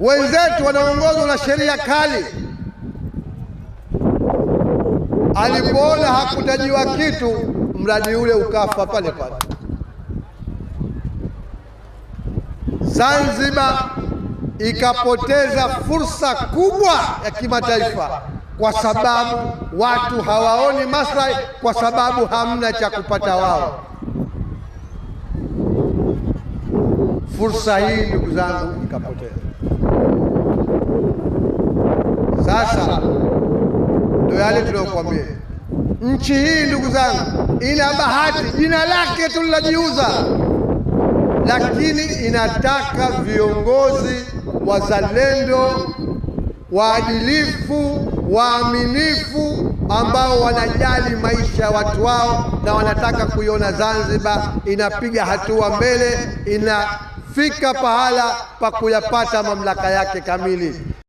wenzetu wanaongozwa na sheria kali. Alipoona hakutajiwa kitu, mradi ule ukafa pale pale. Zanzibar ikapoteza fursa kubwa ya kimataifa kwa sababu watu hawaoni maslahi, kwa sababu hamna cha kupata wao. Fursa hii ndugu zangu, ikapoteza sasa ndio yale tuliyokuambia. Nchi hii ndugu zangu, ina bahati, jina lake tulilajiuza, lakini inataka viongozi wazalendo, waadilifu, waaminifu ambao wanajali maisha ya watu wao na wanataka kuiona Zanzibar inapiga hatua mbele ina kufika pahala pa kuyapata mamlaka yake kamili.